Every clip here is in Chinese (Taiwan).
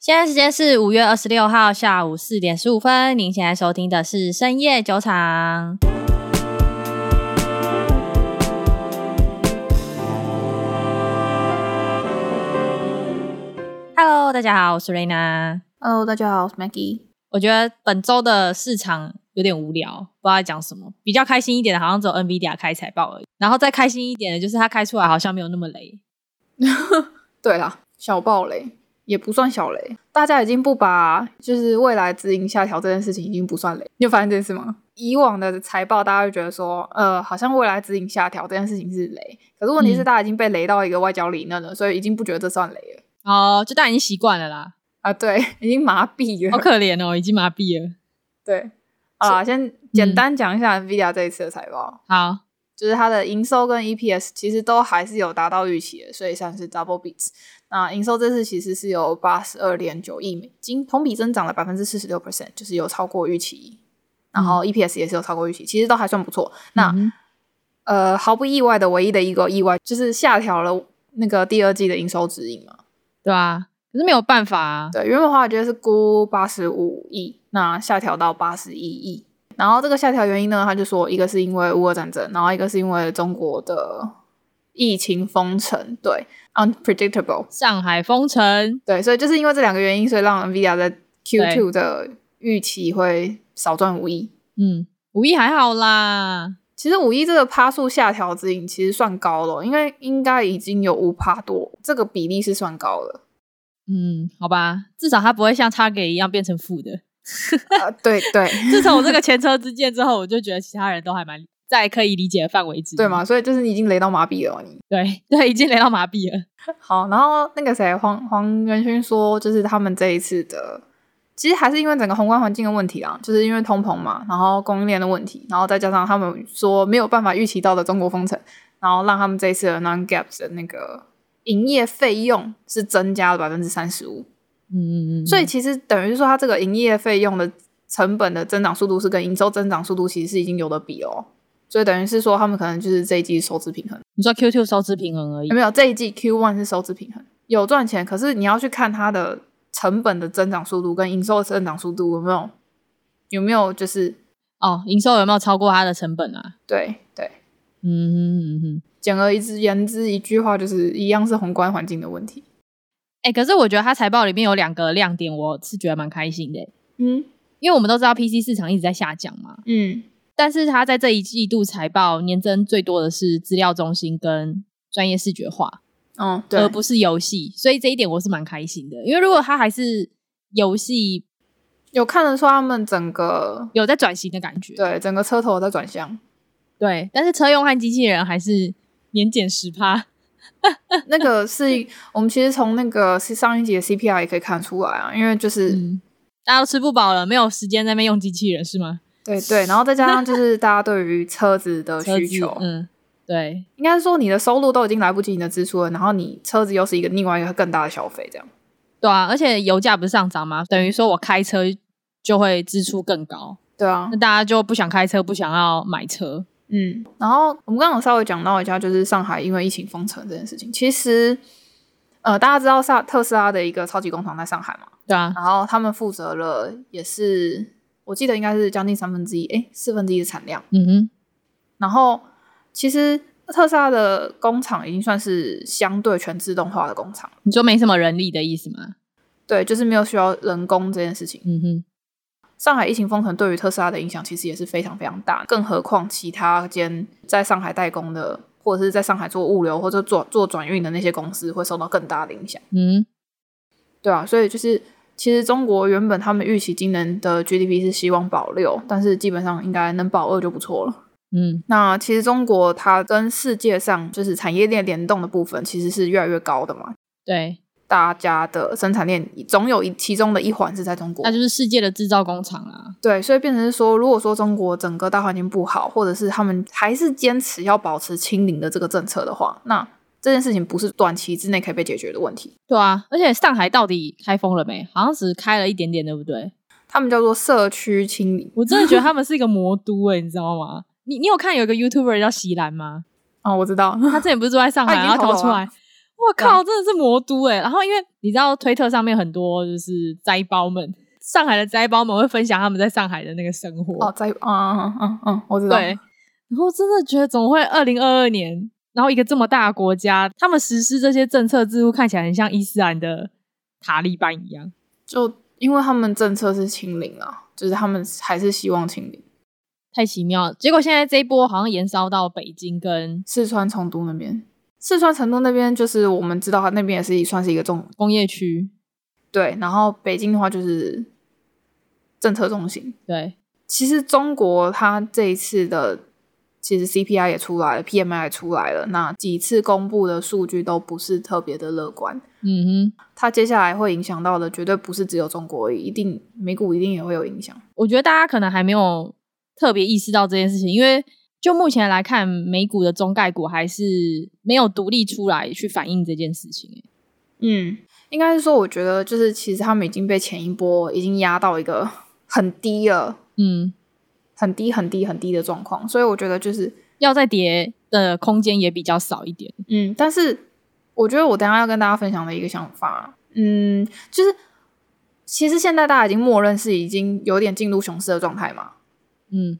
現在時間是五月二十六號下午四點十五分。您現在收聽的是深夜酒場。 Hello，大家好，我是 Reina。Hello，大家好，我是 Maggie。我覺得本周的市場有點無聊，不知道在講什麼。比較開心一點的，好像只有 NVIDIA 開財報而已，然後再開心一點的，就是它開出來好像沒有那麼雷。 對啦，小暴雷。也不算小雷，大家已經不把、啊、就是未來指引下調這件事情已經不算雷。你有發現這件事嗎？以往的財報大家會覺得說，呃，好像未來指引下調這件事情是雷。可是問題是，大家已經被雷到一個外焦裡嫩了、嗯，所以已經不覺得這算雷了。哦，就大家已經習慣了啦。啊，對，已經麻痹了。好可憐哦，已經麻痹了。對，好、啊、先簡單講一下 NVIDIA 這一次的財報。好、嗯，就是它的營收跟 EPS 其實都還是有達到預期的，所以算是 double beats。那營收這次其實是有八十二點九億美金，同比增長了百分之四十六 percent，就是有超過預期，然後 EPS 也是有超過預期，其實都還算不錯。那嗯嗯呃，毫不意外的，唯一的一個意外就是下調了那個第二季的營收指引嘛，對啊，可是沒有辦法啊。對，原本的話，我覺得是估八十五億，那下調到八十一億，然後這個下調原因呢，他就說一個是因為烏俄戰爭，然後一個是因為中國的。疫情封城，對，unpredictable。上海封城，對，所以就是因為這兩個原因，所以讓 NVIDIA 在 Q2 的預期會少賺五億。嗯，五億還好啦，其實五億這個趴數下調指引其實算高了，因為應該已經有五趴多，這個比例是算高了。嗯，好吧，至少它不會像 Target 一樣變成負的。對、 呃、對，對 自從我這個前車之鑑之後，我就覺得其他人都還蠻。在可以理解的範圍之內，對嘛、嗯？所以就是你已經雷到麻痹了你，你對對，已經雷到麻痹了。好，然後那個誰，黃黃仁勳說，就是他們這一次的，其實還是因為整個宏觀環境的問題啊，就是因為通膨嘛，然後供應鏈的問題，然後再加上他們說沒有辦法預期到的中國封城，然後讓他們這一次的 non-gaps 的那個營業費用是增加了百分之三十五。嗯嗯嗯。所以其實等於說，他這個營業費用的成本的增長速度是跟營收增長速度其實是已經有的比哦。所以等於是說，他們可能就是這一季收支平衡。你說 Q2 收支平衡而已，沒有這一季 Q1 是收支平衡，有賺錢，可是你要去看它的成本的增長速度跟營收的增長速度有沒有、有沒有就是哦，營收有沒有超過它的成本啊？對對，嗯哼嗯哼。簡而言之，言之一句話就是一樣是宏觀環境的問題。哎、欸，可是我覺得它財報裡面有兩個亮點，我是覺得蠻開心的。嗯，因為我們都知道 PC 市場一直在下降嘛。嗯。但是他在這一季度財報年增最多的是資料中心跟專業視覺化，嗯，對，而不是遊戲，所以這一點我是蠻開心的。因為如果他還是遊戲，有看得出他們整個有在轉型的感覺，對，整個車頭在轉向，對，但是車用和機器人還是年減十趴， 那個是 我們其實從那個上一集的 CPI 也可以看出來啊，因為就是、嗯、大家都吃不飽了，沒有時間在那邊用機器人是嗎？對對，然後再加上就是大家對於車子的需求，嗯，對，應該是說你的收入都已經來不及你的支出了，然後你車子又是一個另外一個更大的消費，這樣，對啊，而且油價不是上漲嗎？等於說我開車就會支出更高，對啊，那大家就不想開車，不想要買車，嗯，然後我們剛剛有稍微講到一下就是上海因為疫情封城這件事情，其實，呃，大家知道特斯拉的一個超級工廠在上海嘛？對啊，然後他們負責了也是。我記得應該是將近三分之一，誒，四分之一的產量。嗯哼。然後，其實特斯拉的工廠已經算是相對全自動化的工廠。你說沒什麼人力的意思嗎？對，就是沒有需要人工這件事情。嗯哼。上海疫情封城對於特斯拉的影響其實也是非常非常大，更何況其他間在上海代工的，或者是在上海做物流或者做做轉運的那些公司會受到更大的影響。嗯哼。對啊，所以就是。其實中國原本他們預期今年的 GDP 是希望保六，但是基本上應該能保二就不錯了。嗯，那其實中國它跟世界上就是產業鏈聯動的部分其實是越來越高的嘛。對，大家的生產鏈總有一其中的一環是在中國，那就是世界的制造工廠啊。對，所以變成是說，如果說中國整個大環境不好，或者是他們還是堅持要保持清零的這個政策的話，那這件事情不是短期之內可以被解決的問題。對啊，而且上海到底開封了沒？好像只開了一點點，對不對？他們叫做社區清理。我真的覺得他們是一個魔都誒、欸、你知道嗎？ 你你有看有一個 YouTuber 叫席蘭嗎？哦，我知道，他之前不是住在上海， 他跑然後他逃出來。我靠，真的是魔都誒、欸、然後因為你知道，推特上面很多就是災包們，上海的災包們會分享他們在上海的那個生活。哦，災啊啊啊啊！我知道。對。然後真的覺得怎麼會二零二二年？然後，一個這麼大的國家，他們實施這些政策，似乎看起來很像伊斯蘭的塔利班一樣。就因為他們政策是清零了、啊，就是他們還是希望清零。太奇妙了！結果現在這一波好像延燒到北京跟四川成都那邊。四川成都那邊就是我們知道，他那邊也是一算是一個重工業區。對，然後北京的話就是政策中心。對，其實中國他這一次的。其實 CPI 也出來了，PMI 也出來了，那幾次公布的數據都不是特別的樂觀。嗯哼，它接下來會影響到的絕對不是只有中國，一定美股一定也會有影響。我覺得大家可能還沒有特別意識到這件事情，因為就目前來看，美股的中概股還是沒有獨立出來去反映這件事情。嗯，應該是說，我覺得就是其實他們已經被前一波已經壓到一個很低了。嗯。很低很低很低的狀況，所以我覺得就是要再跌的空間也比較少一點。嗯，但是我覺得我等下要跟大家分享的一個想法，嗯，就是其實現在大家已經默認是已經有點進入熊市的狀態嘛。嗯，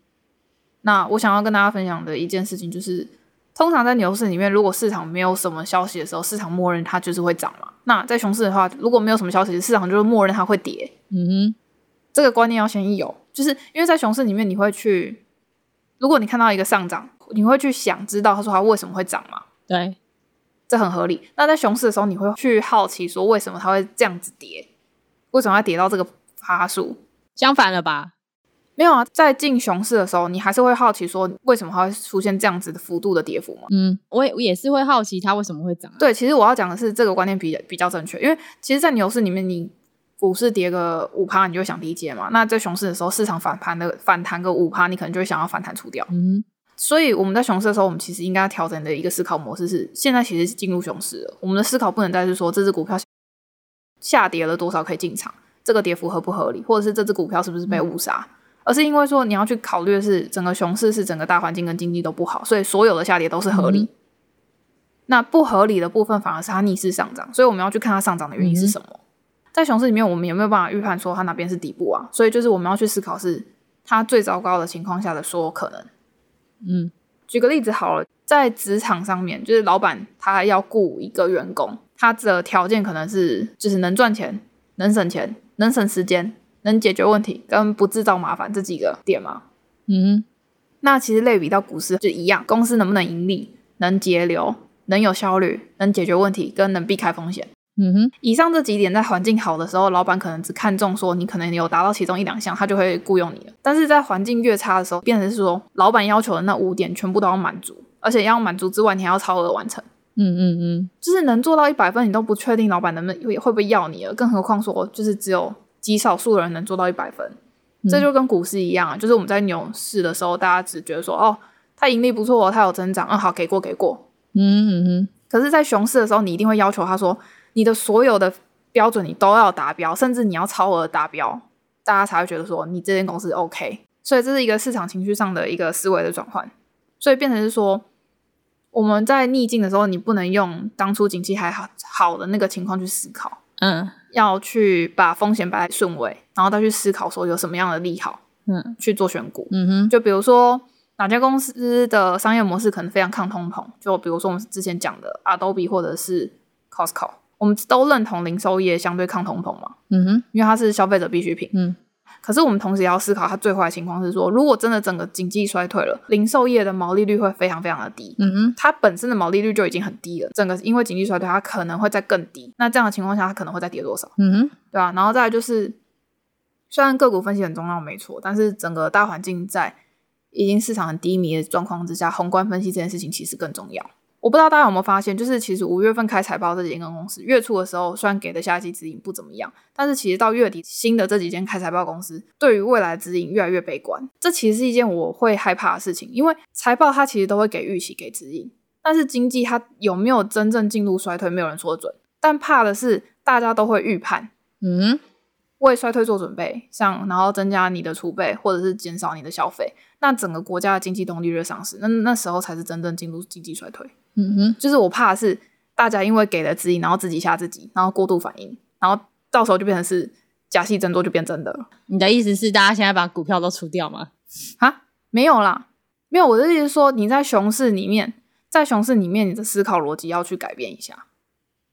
那我想要跟大家分享的一件事情就是，通常在牛市裡面，如果市場沒有什麼消息的時候，市場默認它就是會漲嘛。那在熊市的話，如果沒有什麼消息，市場就是默認它會跌。嗯哼，這個觀念要先有。就是因為在熊市裡面，你會去，如果你看到一個上漲，你會去想知道他說他為什麼會漲嗎？對，這很合理。那在熊市的時候，你會去好奇說為什麼它會這樣子跌？為什麼要跌到這個趴數？相反了吧？沒有啊，在進熊市的時候，你還是會好奇說為什麼它會出現這樣子的幅度的跌幅嗎？嗯，我也，我也是會好奇它為什麼會漲、啊。對，其實我要講的是這個觀念比比較正確，因為其實，在牛市裡面，你。股市跌個五趴，你就想低接嘛？那在熊市的時候，市場反彈的反彈個五趴，你可能就會想要反彈出掉。嗯。所以我們在熊市的時候，我們其實應該調整的一個思考模式是：現在其實是進入熊市了，我們的思考不能再是說這只股票下跌了多少可以進場，這個跌幅合不合理，或者是這只股票是不是被誤殺。嗯。而是因為說你要去考慮的是整個熊市，是整個大環境跟經濟都不好，所以所有的下跌都是合理。嗯。那不合理的部分反而是它逆勢上漲，所以我們要去看它上漲的原因是什麼。嗯。在熊市裡面，我們有沒有辦法預判說它哪邊是底部啊？所以就是我們要去思考，是它最糟糕的情況下的所有可能。嗯，舉個例子好了，在職場上面，就是老闆他要雇一個員工，他的條件可能是就是能賺錢、能省錢、能省時間、能解決問題、跟不制造麻煩這幾個點嗎？嗯，那其實類比到股市就一樣，公司能不能盈利、能節流、能有效率、能解決問題、跟能避開風險。嗯哼，以上這幾點在環境好的時候，老闆可能只看重說你可能有達到其中一兩項，他就會僱傭你了。但是在環境越差的時候，變成是說老闆要求的那五點全部都要滿足，而且要滿足之外，你還要超額完成。嗯嗯嗯，就是能做到一百分，你都不確定老闆能不能會不會要你了。更何況說就是只有極少數人能做到一百分。嗯，這就跟股市一樣啊，就是我們在牛市的時候，大家只覺得說哦，他盈利不錯，哦，他有增長，嗯好，給過給過，嗯嗯哼，可是在熊市的時候，你一定會要求他說。你的所有的標準，你都要達標，甚至你要超額達標，大家才會覺得說你這間公司 OK。所以這是一個市場情緒上的一個思維的轉換。所以變成是說，我們在逆境的時候，你不能用當初景氣還好好的那個情況去思考，嗯，要去把風險擺在順位，然後再去思考說有什麼樣的利好，嗯，去做選股，嗯哼。就比如說哪家公司的商業模式可能非常抗通膨，就比如說我們之前講的 Adobe 或者是 Costco。我們都認同零售業相對抗通膨嘛？嗯哼，因為它是消費者必需品。嗯，可是我們同時也要思考，它最壞的情況是說，如果真的整個經濟衰退了，零售業的毛利率會非常非常的低。嗯哼，它本身的毛利率就已經很低了，整個因為經濟衰退，它可能會再更低。那這樣的情況下，它可能會再跌多少？嗯哼，對吧，啊？然後再來就是，雖然個股分析很重要，沒錯，但是整個大環境在已經市場很低迷的狀況之下，宏觀分析這件事情其實更重要。我不知道大家有沒有發現，就是其實五月份開財報這幾間公司，月初的時候雖然給的下期指引不怎麼樣，但是其實到月底新的這幾間開財報公司對於未來指引越來越悲觀。這其實是一件我會害怕的事情，因為財報它其實都會給預期、給指引，但是經濟它有沒有真正進入衰退，沒有人說得準。但怕的是大家都會預判，嗯，為衰退做準備，像然後增加你的儲備，或者是減少你的消費。那整個國家的經濟動力越喪失，那那時候才是真正進入經濟衰退。嗯哼， 就是我怕的是大家因為給了指引，然後自己嚇自己，然後過度反應，然後到時候就變成是假戲真做，就變真的了。你的意思是大家現在把股票都除掉嗎？啊，沒有啦，沒有。我的意思是說，你在熊市裡面，在熊市裡面，你的思考邏輯要去改變一下，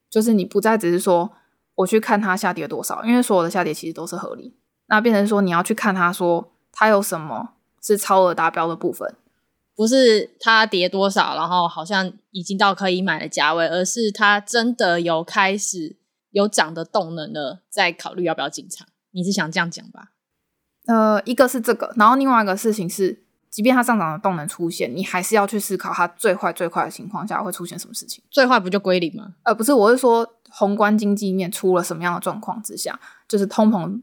就是你不再只是說我去看它下跌多少，因為所有的下跌其實都是合理。那變成說你要去看它，說它有什麼是超額達標的部分。不是它跌多少，然後好像已經到可以買的價位，而是它真的有開始有漲的動能了，再考慮要不要進場。你是想這樣講吧？呃，一個是這個，然後另外一個事情是，即便它上漲的動能出現，你還是要去思考它最壞、最壞的情況下會出現什麼事情。最壞不就歸零嗎？呃，不是，我是說宏觀經濟面出了什麼樣的狀況之下，就是通膨，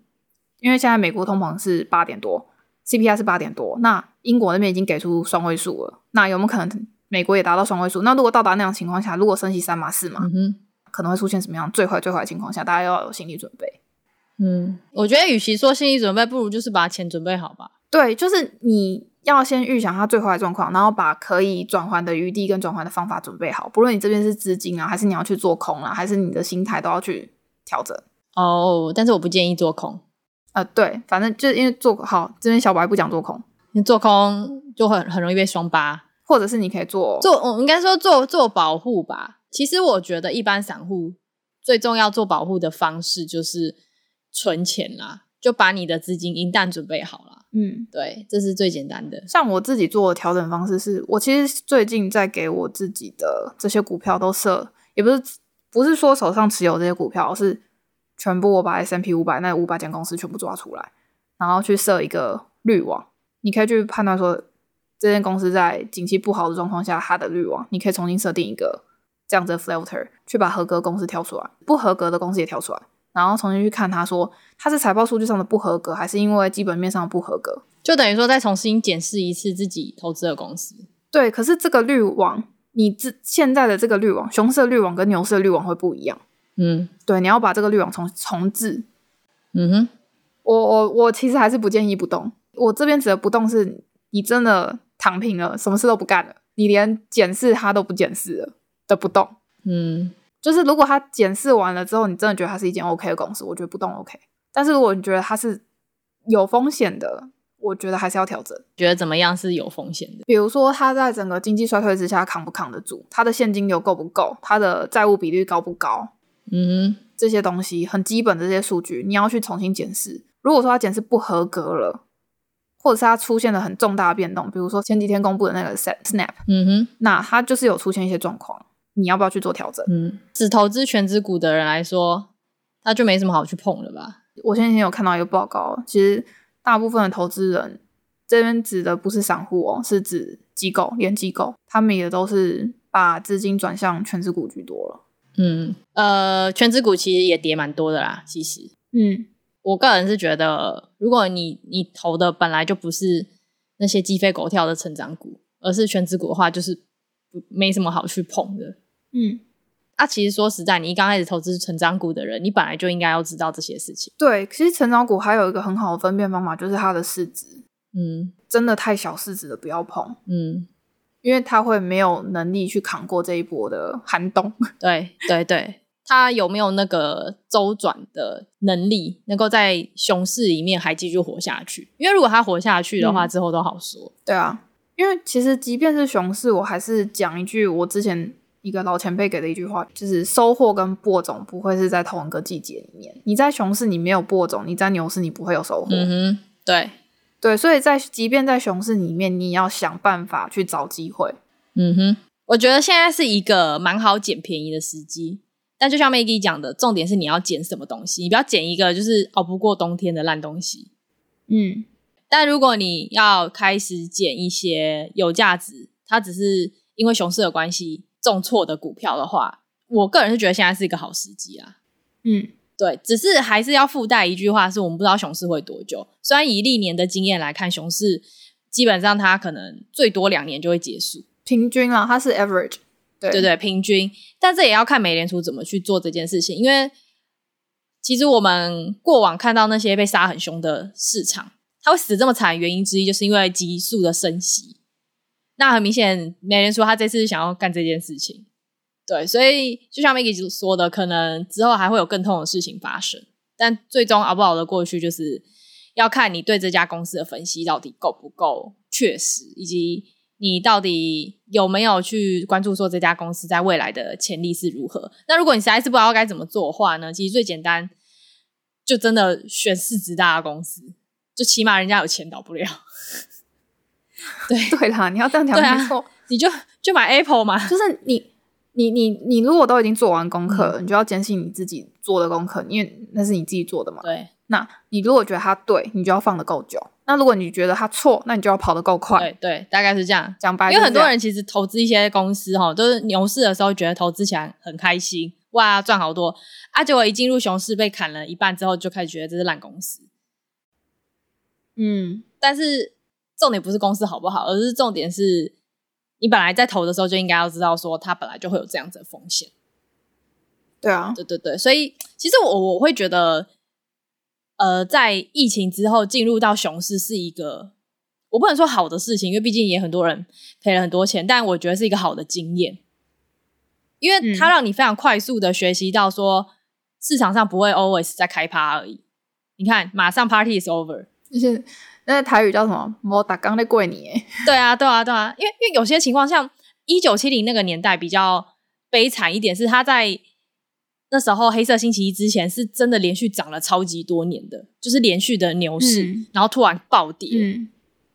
因為現在美國通膨是八點多。CPI 是八點多，那英國那邊已經給出雙位數了。那有沒有可能美國也達到雙位數？那如果到達那樣情況下，如果升息三碼四碼、嗯，可能會出現什麼樣最壞最壞的情況下？大家要有心理準備。嗯，我覺得與其說心理準備，不如就是把錢準備好吧。對，就是你要先預想它最壞的狀況，然後把可以轉換的餘地跟轉換的方法準備好。不論你這邊是資金啊，還是你要去做空了，還是你的心態都要去調整。哦，但是我不建議做空。呃，對，反正就是因為做好，這邊小白不講做空，你做空就很很容易被雙巴，或者是你可以做做，我應該說做做保護吧。其實我覺得一般散戶最重要做保護的方式就是存錢啦，就把你的資金一旦準備好了，嗯，對，這是最簡單的。像我自己做的調整方式是，是我其實最近在給我自己的這些股票都設，也不是不是說手上持有這些股票是。全部我把 S&P 五百那五百間公司全部抓出來，然後去設一個濾網。你可以去判斷說，這間公司在景氣不好的狀況下，它的濾網你可以重新設定一個這樣子的 filter，去把合格公司挑出來，不合格的公司也挑出來，然後重新去看它說，說它是財報數據上的不合格，還是因為基本面上不合格。就等於說再重新檢視一次自己投資的公司。對，可是這個濾網，你這現在的這個濾網，熊市的濾網跟牛市的濾網會不一樣。嗯，對，你要把這個濾網重重置。嗯哼，我我我其實還是不建議不動。我這邊指的不動是，你真的躺平了，什麼事都不幹了，你連檢視他都不檢視了，都不動。嗯，就是如果他檢視完了之後，你真的覺得它是一間 OK 的公司，我覺得不動 OK。但是如果你覺得它是有風險的，我覺得還是要調整。覺得怎麼樣是有風險的？比如說他在整個經濟衰退之下扛不扛得住？他的現金流夠不夠？他的債務比率高不高？嗯哼，這些東西很基本的這些數據，你要去重新檢視。如果說它檢視不合格了，或者是它出現了很重大變動，比如說前幾天公布的那個 Snap，嗯哼，那它就是有出現一些狀況，你要不要去做調整？嗯，只投資權值股的人來說，那就沒什麼好去碰的吧。我前幾天有看到一個報告，其實大部分的投資人這邊指的不是散戶哦，是指機構，連機構他們也都是把資金轉向權值股居多了。嗯，呃，權值股其實也跌蠻多的啦。其實，嗯，我個人是覺得，如果你你投的本來就不是那些雞飛狗跳的成長股，而是權值股的話，就是不沒什麼好去碰的。嗯，啊，其實說實在，你一剛開始投資成長股的人，你本來就應該要知道這些事情。對，其實成長股還有一個很好的分辨方法，就是它的市值。嗯，真的太小市值的不要碰。嗯。因為他會沒有能力去扛過這一波的寒冬，對對對，他有沒有那個週轉的能力，能夠在熊市裡面還繼續活下去？因為如果他活下去的話，嗯，之後都好說。對啊，因為其實即便是熊市，我還是講一句，我之前一個老前輩給的一句話，就是收穫跟播種不會是在同一個季節裡面。你在熊市你沒有播種，你在牛市你不會有收穫。嗯哼，對。對，所以在即便在熊市裡面，你也要想辦法去找機會。嗯哼，我覺得現在是一個蠻好撿便宜的時機。但就像 Maggie 講的，重點是你要撿什麼東西，你不要撿一個就是熬不過冬天的爛東西。嗯，但如果你要開始撿一些有價值，它只是因為熊市的關係重挫的股票的話，我個人是覺得現在是一個好時機啊。嗯。對，只是還是要附帶一句話，是我們不知道熊市會多久。雖然以歷年的經驗來看，熊市基本上它可能最多兩年就會結束，平均啊，它是 average，對對對，平均。但這也要看美聯儲怎麼去做這件事情，因為其實我們過往看到那些被殺很兇的市場，它會死這麼慘的原因之一，就是因為急速的升息。那很明顯，美聯儲它這次想要幹這件事情。對，所以就像 Maggie 說的，可能之後還會有更痛的事情發生，但最終熬不熬得過去，就是要看你對這家公司的分析到底夠不夠確實，以及你到底有沒有去關注說這家公司在未來的潛力是如何。那如果你實在是不知道該怎麼做的話呢，其實最簡單就真的選市值大的公司，就起碼人家有錢倒不了。 對對啦，你要這樣講沒、啊、你就就買 Apple 嘛，就是你。你你你你如果都已經做完功課了，嗯，你就要堅信你自己做的功課，因為那是你自己做的嘛。對。那你如果覺得他對，你就要放得夠久；那如果你覺得他錯，那你就要跑得夠快。對對，大概是這樣，講白是這樣。因為很多人其實投資一些公司哈，都是牛市的時候覺得投資起來很開心，哇，賺好多。啊，結果一進入熊市被砍了一半之後，就開始覺得這是爛公司。嗯，但是重點不是公司好不好，而是重點是。你本來在投的時候就應該要知道說它本來就會有這樣子的風險。對啊，對對對，所以其實我我會覺得，呃，在疫情之後進入到熊市是一個我不能說好的事情，因為畢竟也很多人賠了很多錢，但我覺得是一個好的經驗，因為它讓你非常快速的學習到說、嗯、市場上不會 always 在開趴而已。你看，馬上 Party is over。 那台語叫什麼？摩打剛的貴你。對啊，對啊，對啊，啊、因為因為有些情況，像一九七零那個年代比較悲慘一點，是他在那時候黑色星期一之前是真的連續漲了超級多年的，就是連續的牛市、嗯，然後突然暴跌、嗯，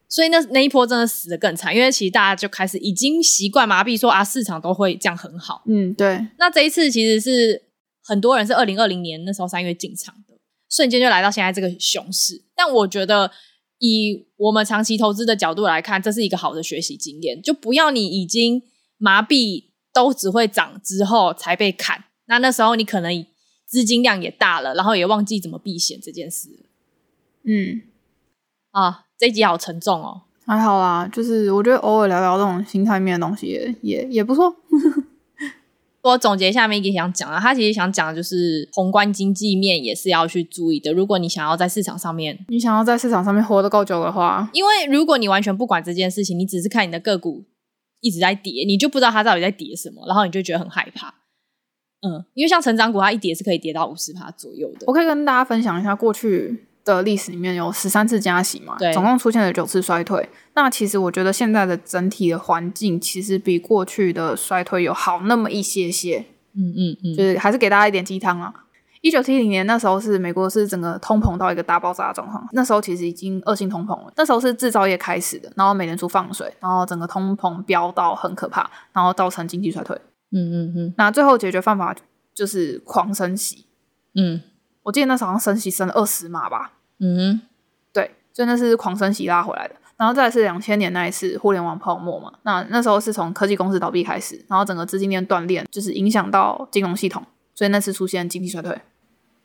所以那那一波真的死得更慘，因為其實大家就開始已經習慣麻痹，說啊市場都會這樣很好。嗯，對。那這一次其實是很多人是二零二零年那時候三月進場的，瞬間就來到現在這個熊市，但我覺得。以我們長期投資的角度來看，這是一個好的學習經驗。就不要你已經麻痹都只會漲之後才被砍，那那時候你可能資金量也大了，然後也忘記怎麼避險這件事。嗯，啊，這集好沉重哦。還好啦，就是我覺得偶爾聊聊這種心態面的東西也也，也不錯。 我總結下面一點，想講啊，他其實想講的就是宏觀經濟面也是要去注意的。如果你想要在市場上面，你想要在市場上面活得夠久的話，因為如果你完全不管這件事情，你只是看你的個股一直在跌，你就不知道它到底在跌什麼，然後你就覺得很害怕。嗯，因為像成長股，它一跌是可以跌到五十趴左右的。我可以跟大家分享一下過去。的歷史裡面有十三次加息嘛？對，總共出現了九次衰退。那其實我覺得現在的整體的環境其實比過去的衰退有好那麼一些些。嗯嗯嗯，就是還是給大家一點雞湯啊。一九七零年那時候是美國是整個通膨到一個大爆炸的狀況，那時候其實已經惡性通膨了。那時候是制造業開始的，然後美聯儲放水，然後整個通膨飆到很可怕，然後造成經濟衰退。嗯嗯嗯。那最後解決辦法就是狂升息。嗯，我記得那時候好像升息升了二十碼吧。嗯哼，對，所以那是狂升息拉回來的，然後再來是兩千年那一次互聯網泡沫嘛，那那時候是從科技公司倒閉開始，然後整個資金鏈斷裂，就是影響到金融系統，所以那次出現經濟衰退。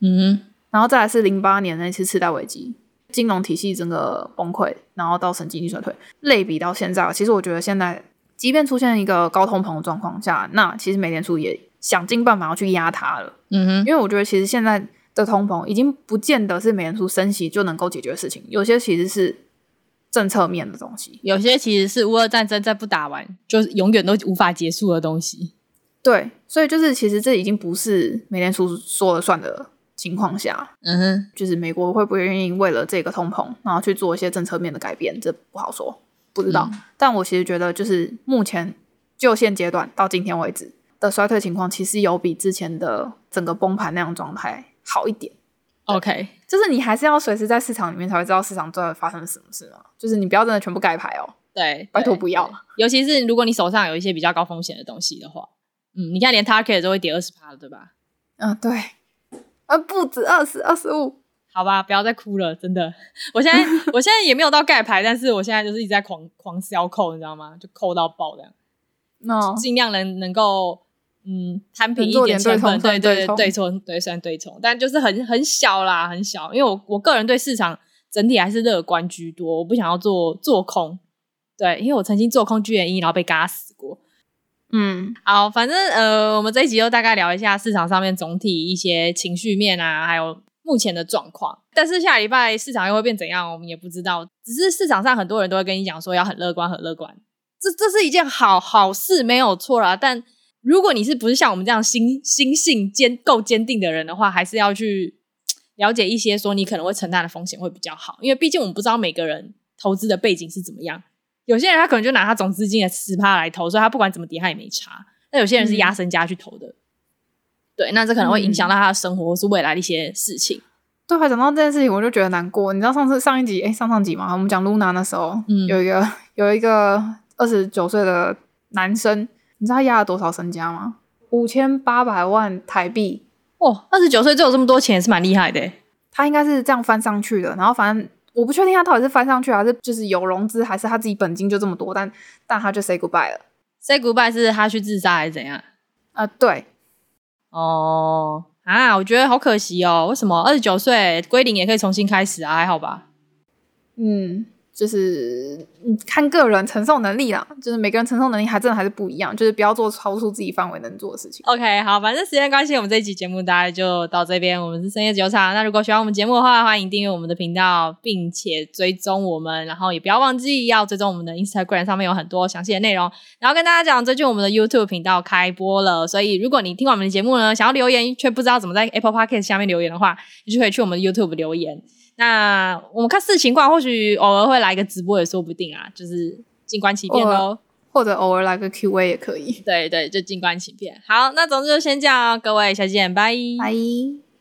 嗯哼，然後再來是零八年那次次貸危機，金融體系整個崩潰，然後到成經濟力衰退。類比到現在，其實我覺得現在即便出現一個高通膨的狀況下，那其實美聯儲也想盡辦法要去壓它了。嗯哼，因為我覺得其實現在。的通膨已經不見得是美聯儲升息就能夠解決的事情，有些其實是政策面的東西，有些其實是烏俄戰爭在不打完就是永遠都無法結束的東西。對，所以就是其實這已經不是美聯儲說了算的情況下，嗯哼，就是美國會不會願意為了這個通膨，然後去做一些政策面的改變，這不好說，不知道。嗯，但我其實覺得，就是目前就現階段到今天為止的衰退情況，其實有比之前的整個崩盤那樣狀態好一點，OK，就是你還是要隨時在市場裡面才會知道市場最後發生了什麼事呢，就是你不要真的全部蓋牌哦，對，拜托不要。尤其是如果你手上有一些比較高風險的東西的話，嗯，你看連 Target 都會跌二十趴了，對吧？啊，對，啊，不止二十，二十五，好吧，不要再哭了，真的。我現在 我現在也沒有到蓋牌，但是我現在就是一直在狂狂銷扣，你知道嗎？就扣到爆這樣，那、no. 盡量能能夠。嗯，攤平一點成本，點對，對對對，對，算對，對沖對，對算對沖，但就是很很小啦，很小。因為我我個人對市場整體還是樂觀居多，我不想要做做空，對，因為我曾經做空 G 一，然後被嘎死過。嗯，好，反正呃，我們這一集又大概聊一下市場上面總體一些情緒面啊，還有目前的狀況。但是下禮拜市場又會變怎樣，我們也不知道。只是市場上很多人都會跟你講說要很樂觀，很樂觀，這這是一件好好事，沒有錯啦，但。如果你是不是像我們這樣心心性堅夠堅定的人的話，還是要去了解一些說你可能會承擔的風險會比較好，因為畢竟我們不知道每個人投資的背景是怎麼樣。有些人他可能就拿他總資金的十趴來投，所以他不管怎麼跌他也沒差。那有些人是壓身家去投的，嗯，對，那這可能會影響到他的生活或是未來的一些事情。對，講到這件事情我就覺得難過。你知道上次上一集哎、欸、上上集嘛，我們講露娜那時候，有一個有一個二十九歲的男生。你知道他壓了多少身家嗎？五千八百萬台幣。哦，二十九歲就有這麼多錢是蠻厲害的。他應該是這樣翻上去的，然後反正我不確定他到底是翻上去還是就是有融資，還是他自己本金就這麼多，但但他就 say goodbye 了。say goodbye 是他去自殺還是怎樣？啊、呃，對，哦啊，我覺得好可惜哦。為什麼二十九歲歸零也可以重新開始啊？還好吧，嗯。就是看個人承受能力啦，就是每個人承受能力還真的還是不一樣，就是不要做超出自己範圍能做的事情。OK，好，反正時間關係，我們這一期節目大概就到這邊。我們是深夜酒廠，那如果喜歡我們節目的話，歡迎訂閱我們的頻道，並且追蹤我們，然後也不要忘記要追蹤我們的 Instagram 上面有很多詳細的內容。然後跟大家講，最近我們的 YouTube 頻道開播了，所以如果你聽完我們的節目呢，想要留言卻不知道怎麼在 Apple Podcast 下面留言的話，你就可以去我們的 YouTube 留言。那我們看視情況，或許偶爾會來個直播也說不定啊，就是靜觀其變咯，或者偶爾來個 Q&A 也可以。對對，就靜觀其變。好，那總之就先這樣，各位，下期見，拜拜。Bye